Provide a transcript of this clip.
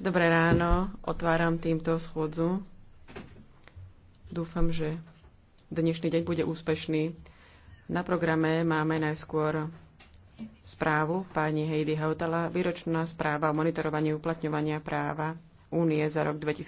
Dobré ráno, otváram týmto schôdzu. Dúfam, že dnešný deň bude úspešný. Na programe máme najskôr správu pani Heidi Hautala, výročná správa o monitorovaní uplatňovania práva únie za rok 2015.